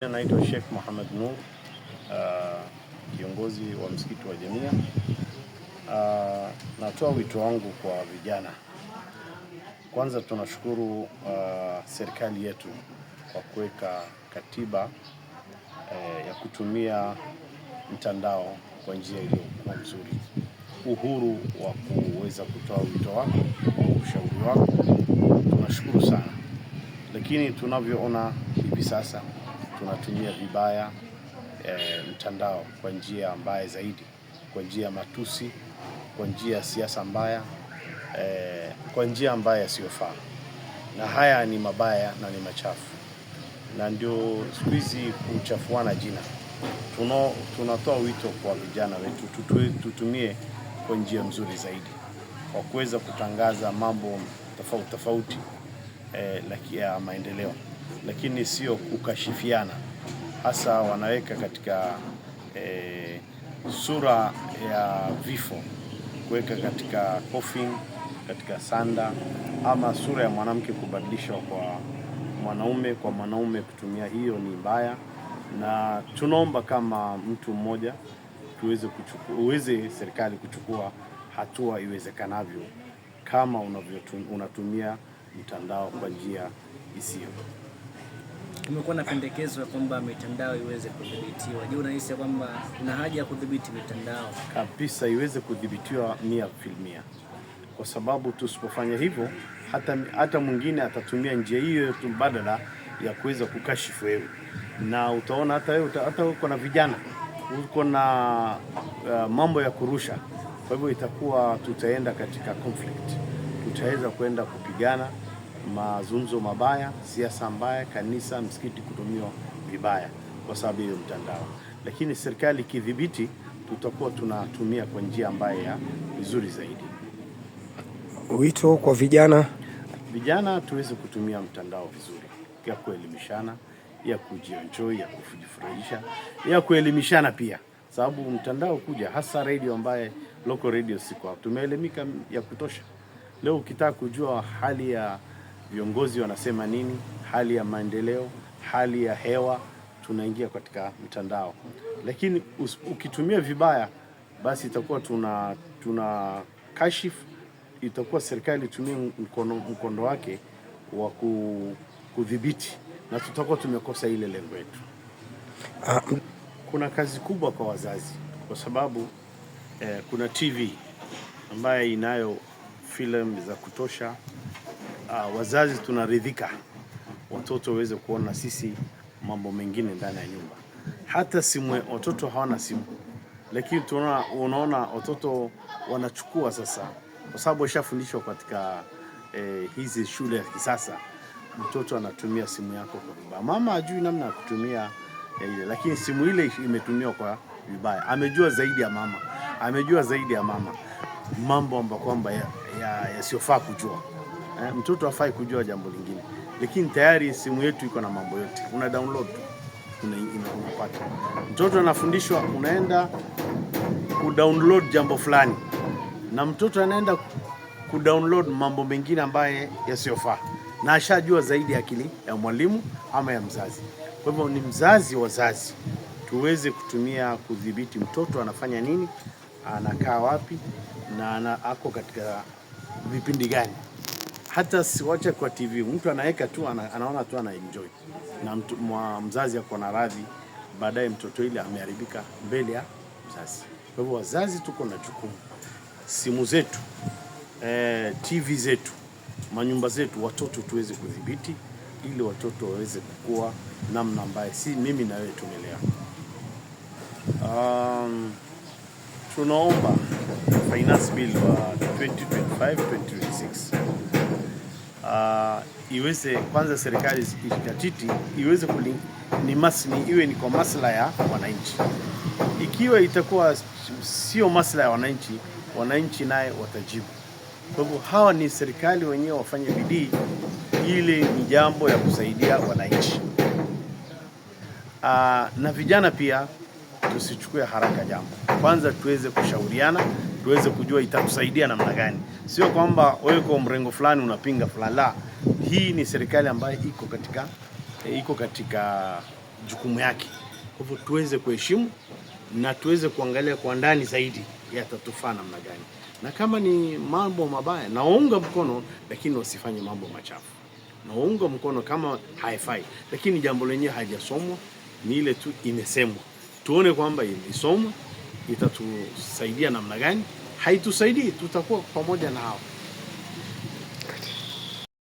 Naitwa Sheikh Muhammad Nur, uh, kiongozi wa msikiti wa Jamia. Uh, natoa wito wangu kwa vijana. Kwanza tunashukuru uh, serikali yetu kwa kuweka katiba uh, ya kutumia mtandao kwa njia iliyokuwa nzuri, uhuru wa kuweza kutoa wito wako au ushauri wako, tunashukuru sana, lakini tunavyoona hivi sasa tunatumia vibaya e, mtandao kwa njia mbaya zaidi, kwa njia matusi, kwa njia ya siasa mbaya e, kwa njia ambayo yasiyofaa, na haya ni mabaya na ni machafu, na ndio siku hizi kuchafuana jina. Tuno, tunatoa wito kwa vijana wetu tutumie kwa njia mzuri zaidi kwa kuweza kutangaza mambo tofauti tofauti eh, ya maendeleo lakini sio kukashifiana. Hasa wanaweka katika e, sura ya vifo, kuweka katika coffin, katika sanda, ama sura ya mwanamke kubadilishwa kwa mwanaume, kwa mwanaume kutumia hiyo ni mbaya, na tunaomba kama mtu mmoja tuweze uweze serikali kuchukua hatua iwezekanavyo kama unavyotumia unatumia mtandao kwa njia isiyo kumekuwa na pendekezo kwamba mitandao iweze kudhibitiwa. Je, unahisi kwamba kuna haja ya kudhibiti mitandao? Kabisa, iweze kudhibitiwa mia filmia, kwa sababu tusipofanya hivyo, hata hata mwingine atatumia njia hiyo tu mbadala ya kuweza kukashifu wewe, na utaona hata wewe hata uko na vijana uko na uh, mambo ya kurusha. Kwa hivyo itakuwa tutaenda katika conflict, tutaweza kwenda kupigana mazungumzo mabaya, siasa mbaya, kanisa, msikiti kutumiwa vibaya kwa sababu hiyo mtandao. Lakini serikali ikidhibiti, tutakuwa tunatumia kwa njia ambayo ya vizuri zaidi. Wito kwa vijana, vijana tuweze kutumia mtandao vizuri, ya kuelimishana, ya kujienjoy, ya kujifurahisha, ya kuelimishana pia, sababu mtandao kuja hasa radio ambaye local radio siko, tumeelimika ya kutosha. Leo ukitaka kujua hali ya viongozi wanasema nini, hali ya maendeleo, hali ya hewa, tunaingia katika mtandao. Lakini ukitumia vibaya, basi itakuwa tuna tuna kashif, itakuwa serikali itumie mkondo, mkondo wake wa kudhibiti na tutakuwa tumekosa ile lengo yetu. Ah, kuna kazi kubwa kwa wazazi kwa sababu eh, kuna TV ambayo inayo filamu za kutosha uh, wazazi tunaridhika watoto waweze kuona sisi mambo mengine ndani ya nyumba. Hata simu watoto hawana simu, lakini tunaona, unaona watoto wanachukua sasa, kwa sababu ishafundishwa katika eh, hizi shule ya kisasa. Mtoto anatumia simu yako kwa vibaya, mama ajui namna ya kutumia eh, ile, lakini simu ile imetumiwa kwa vibaya, amejua zaidi ya mama, amejua zaidi ya mama mambo ambayo kwamba yasiyofaa ya, ya kujua Eh, mtoto afai kujua jambo lingine, lakini tayari simu yetu iko na mambo yote, una download unapata. Mtoto anafundishwa, unaenda download jambo fulani, na mtoto anaenda download mambo mengine ambaye yasiyofaa, na ashajua zaidi ya akili ya mwalimu ama ya mzazi. Kwa hivyo ni mzazi, wazazi tuweze kutumia kudhibiti mtoto anafanya nini, anakaa wapi na ana, ako katika vipindi gani hata siwache kwa TV, mtu anaweka tu ana, anaona tu ana enjoy na mtu, mwa mzazi ako na radhi, baadaye mtoto ile ameharibika mbele ya mzazi. Kwa hivyo wazazi tuko na jukumu, simu zetu eh, TV zetu, manyumba zetu, watoto tuweze kudhibiti ili watoto waweze kukua namna ambaye si mimi na wewe tumelea. Um, tunaomba finance bill wa 2025 2026 uh, iweze kwanza serikali ikijizatiti iweze kuli, ni masni iwe ni kwa maslahi ya wananchi. Ikiwa itakuwa sio maslahi ya wananchi, wananchi naye watajibu. Kwa hivyo hawa ni serikali wenyewe wafanye bidii, ili ni jambo ya kusaidia wananchi uh, na vijana pia tusichukue haraka jambo. Kwanza tuweze kushauriana, tuweze kujua itatusaidia namna gani, sio kwamba wewe kwa mrengo fulani unapinga fulani. La, hii ni serikali ambayo iko katika eh, iko katika jukumu yake, kwa hivyo tuweze kuheshimu na tuweze kuangalia kwa ndani zaidi yatatufaa namna gani, na kama ni mambo mabaya naunga mkono, lakini wasifanye mambo machafu. Naunga mkono kama haifai, lakini jambo lenyewe hajasomwa, ni ile tu imesemwa tuone kwamba ilisomwa itatusaidia namna gani. Haitusaidii, tutakuwa pamoja na hao.